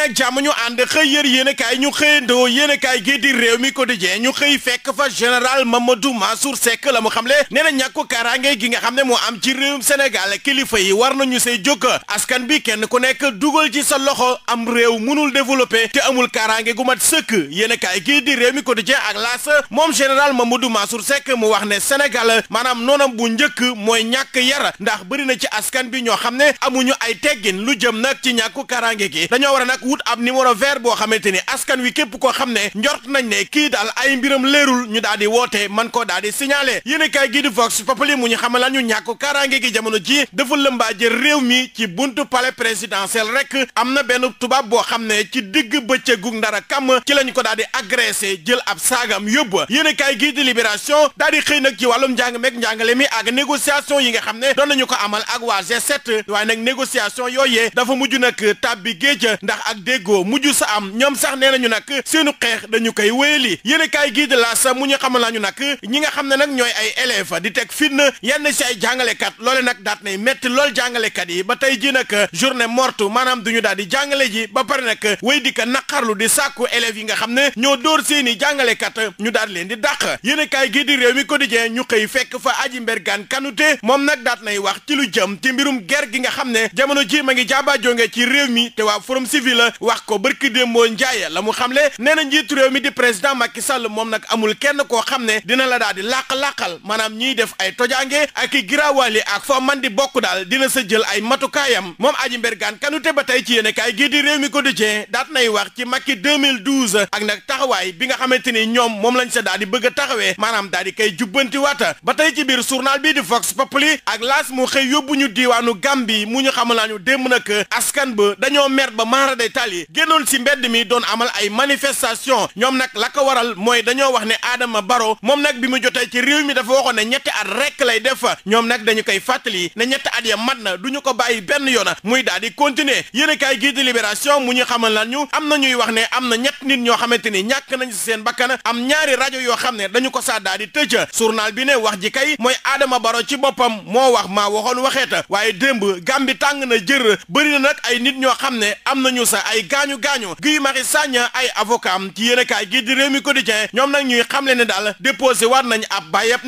nag jàmm ñu ànd xëy yër yéen kaay ñu xëyandoo yéen a kaay gii di réew mi quotidien ñu xëy fekk fa général Mamadou Mansour Seck la mu xamle nee na ñàkku kaaraange gi nga xam ne moo am ci réewum Sénégal kilifa yi war na nañu say jóg askan bi kenn ku nekk dugal ci sa loxo am réew mënul développé te amul kaaraange gu mat sëkk yéen a kaay gii di réew mi quotidien ak laas moom général Mamadou Mansour Seck mu wax ne Sénégal maanaam noonam bu njëkk mooy ñàkk yar ndax bëri na ci askan bi ñoo xam ne amuñu ay teggin lu jëm nag ci ñàkku kaaraange wut ab numéro veer boo xamante ni askan wi képp koo xam ne njort nañ ne kii daal ay mbiram leerul ñu daal di woote man koo daal di signaler yéen a kaay gii di Vox Populi mu ñu xamal ñu ñàkk kaaraange gi jamono ji dafa lëmbaa jël réew mi ci buntu palais présidentiel rek am na benn tubaab boo xam ne ci digg bëccëgu ndara kam ci lañ ko daal di agressé jël ab saagam yóbbu yéen a kaay gii di libération daal di xëy nag ci wàllum njàng njàngale mi ak négociation yi nga xam ne doon nañu ko amal ak waa G7 waaye nag négociation yooyee dafa mujj nag tàbbi géej ndax ak ak déggoo mujj sa am ñoom sax nee ñu nag seenu xeex dañu koy wéyali yéen a kaay gii de laas mu ñu xamal naa ñu nag ñi nga xam ne nag ñooy ay élèves di teg fitna yenn si ay jàngalekat loole nag daat nay métti lool jàngalekat yi ba tey ji nag journée morte maanaam duñu daal di jàngale ji ba pare nag wéy di ko naqarlu di sàkku élèves yi nga xam ne ñoo dóor seeni jàngalekat ñu daal leen di dàq yéen a kaay gii di réew mi quotidien ñu xëy fekk fa aji mbergaan kanute moom nag daat nay wax ci lu jëm ci mbirum ger gi nga xam ne jamono ji ma ngi jaaba jonge ci réew mi te la wax ko barki démboo Ndiaye la mu xamle nee na njiitu réew mi di président Macky Sall moom nag amul kenn koo xam ne dina la daal di làq-làqal maanaam ñiy def ay tojaange ak i giraawaali ak foo man di bokk daal dina sa jël ay matukaayam moom aji mbergaan kanute ba tey ci yéen kaay gii di réew mi ko dëjee daat nay wax ci Macky 2012 ak nag taxawaay bi nga xamante ni ñoom moom lañ sa daal di bëgg a taxawee maanaam daal di kay jubbanti waata ba tey ci biir journal bii di Vox Populi ak laas mu xëy yóbbu ñu diiwaanu Gambie mu ñu xamal naa ñu démb nag askan ba dañoo mer ba Italie génnoon si mbedd mi doon amal ay manifestation ñoom nag la ko waral mooy dañoo wax ne Adama Barrow moom nag bi mu jotee ci réew mi dafa waxoon ne ñetti a rek lay def ñoom nag dañu koy fàttali ne ñetti at ya mat na du ñu ko bàyyi benn yoon muy daal di continuer yéen a kaay gii di libération mu ñu xamal lan ñu am na ñuy wax ne am na ñett nit ñoo xamante ni ñàkk nañ si seen bakkan am ñaari rajo yoo xam ne dañu ko saa daal di tëj journal bi ne wax ji kay mooy Adama Barrow ci boppam moo wax maa waxoon waxeeta waaye démb Gàmbi tàng na jër bëri na nag ay nit ñoo xam ne am ay gaañu gaañu Guy yi Sagna ay avocat am ci yéenekaay gi di réew mi Rewmi Quotidien ñoom nag ñuy xam xamle ne daal déposé waat nañ ab bàyyab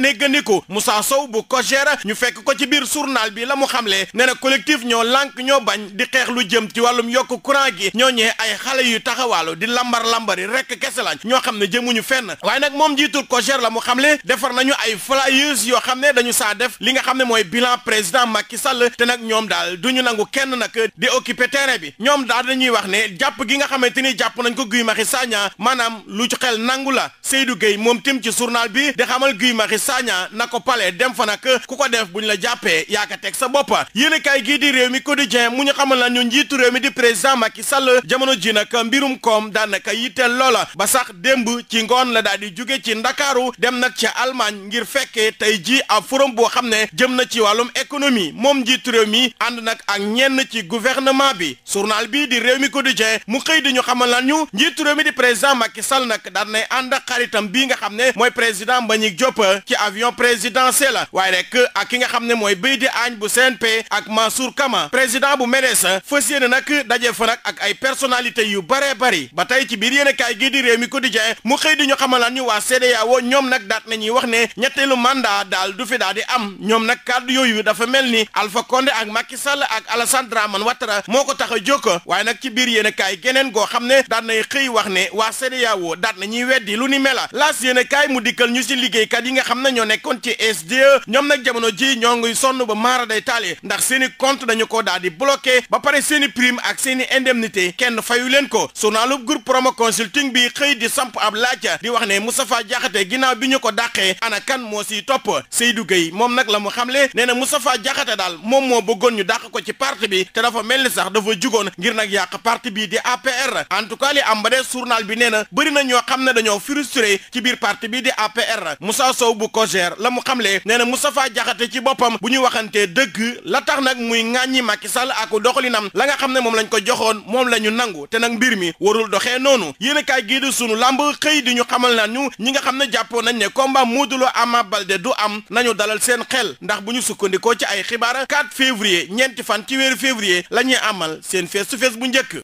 ko musa Sow bu Kogera ñu fekk ko ci biir journal bi la mu xamle nee na collectif ñoo lànk ñoo bañ di xeex lu jëm ci wàllum yokk courant gi ñoo ñee ay xale yu taxawaalu di lambar lambari rekk kese lañ ñoo xam ne jëmuñu fenn waaye nag moom jiitul Kogera la mu xamle defar nañu ay flyers yoo xam ne dañu saa def li nga xam ne mooy bilan président Macky Sall te nag ñoom daal duñu nangu kenn nag di occuper terrain bi ñoom daal dañuy wax ne jàpp gi nga xamante ni jàpp nañ ko Guy Marius Sagna maanaam lu ci xel nangu la Seydou Gueye moom tim ci journal bi di xamal Guy Marius Sagna na ko pale dem fa nag ku ko def buñ la jàppee yaa ka teg sa bopp yéen a kaay di réew mi quotidien mu ñu xamal la ñu njiitu réew mi di président Macky Sall jamono ji nag mbirum koom daanaka yitteel loola ba sax démb ci ngoon la daal di jóge ci Ndakaaru dem nag ci Allemagne ngir fekkee tey ji ab forum boo xam ne jëm na ci wàllum économie moom njiitu réew mi ànd nag ak ñenn ci gouvernement bi journal bi Quotidien mu xëy di ñu xamal lan ñu njiitu réew mi di président Macky Sall nag daan nay ànd ak xaritam bii nga xam ne mooy président Mbagnick Diop ci avion présidentiel waaye rek ak ki nga xam ne mooy Baïdy Agne bu CNP ak Mansour Kama président bu MEDES fas yéene nag daje fa ak ay personnalités yu bëree bëri ba tey ci biir yéen kaay gii di réew mi Quotidien mu xëy di ñu xamal lan ñu waa CEDEAO ñoom nag daat nañuy wax ne ñetteelu mandat daal du fi daal di am ñoom nag kàddu yooyu dafa mel ni Alpha Condé Sall ak Alassane Dramane Ouattara moo tax a jóg biir yéen a kaay geneen goo xam ne daan nay xëy wax ne waa CEDEAO daan na ñuy weddi lu ni mela laas yéen a kaay mu dikkal ñu si liggéeykat yi nga xam ne ñoo nekkoon ci SDE ñoom nag jamono ji yi ngi sonn ba maara day taali ndax seen i da dañu ko daal di bloqué ba pare seen i prime ak seen i indemnité kenn fayu leen ko journalub groupe promo consulting bi xëy di samp ab laaj di wax ne Moustapha Diakhaté ginnaaw bi ñu ko dàqee ana kan moo siy topp Seydou Gueye moom nag la mu xamle nee na Moustapha Diakhaté daal moom moo bëggoon ñu dàq ko ci parti bi te dafa mel parti bii di APR en tout cas li am ba de journal bi nee na bëri na ñoo xam ne dañoo frustré ci biir parti bii di APR Moussa Sow bu Kogère la mu xam lee nee na Moustapha jaxate ci boppam bu ñu waxantee dëgg la tax nag muy ŋàññi Macky Sall ak doxalinam la nga xam ne moom lañ ko joxoon moom la ñu nangu te nag mbir mi warul doxee noonu yéen kaay gii di sunu làmb xëy di ñu xamal na ñu ñi nga xam ne jàppoon nañ ne combat Modou Lo Ama Baldé du am nañu dalal seen xel ndax bu ñu sukkandikoo ci ay xibaar 4 février ñeenti fan ci weeru février la ñuy amal seen face to face bu